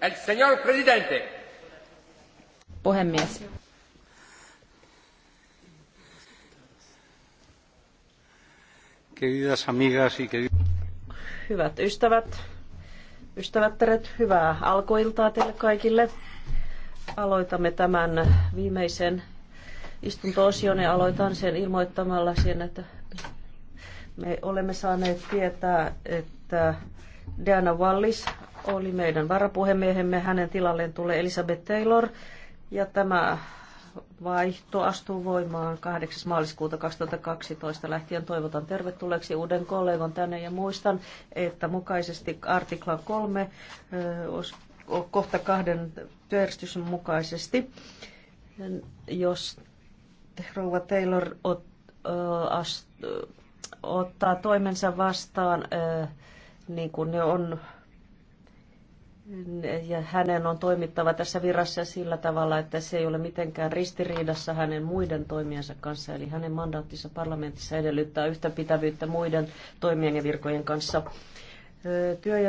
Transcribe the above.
El señor presidente. Puhemies. Queridas amigas y queridos... Hyvät ystävät, ystävättäret, hyvää alkuiltaa teille kaikille. Aloitamme tämän viimeisen istunto-osion ja aloitan sen ilmoittamalla sen, että me olemme saaneet tietää, että Diana Wallis oli meidän varapuhemiehemme. Hänen tilalleen tulee Elizabeth Taylor ja tämä vaihto astuu voimaan 8. maaliskuuta 2012 lähtien. Toivotan tervetulleeksi uuden kollegan tänne ja muistan, että mukaisesti artiklan 3 kohta kahden työjärjestyksen mukaisesti, jos rouva Taylor ot, ast, ottaa toimensa vastaan, niin kuin ne on ja hänen on toimittava tässä virassa sillä tavalla, että se ei ole mitenkään ristiriidassa hänen muiden toimiensa kanssa, eli hänen mandaattinsa parlamentissa edellyttää yhtäpitävyyttä muiden toimien ja virkojen kanssa. Työ- ja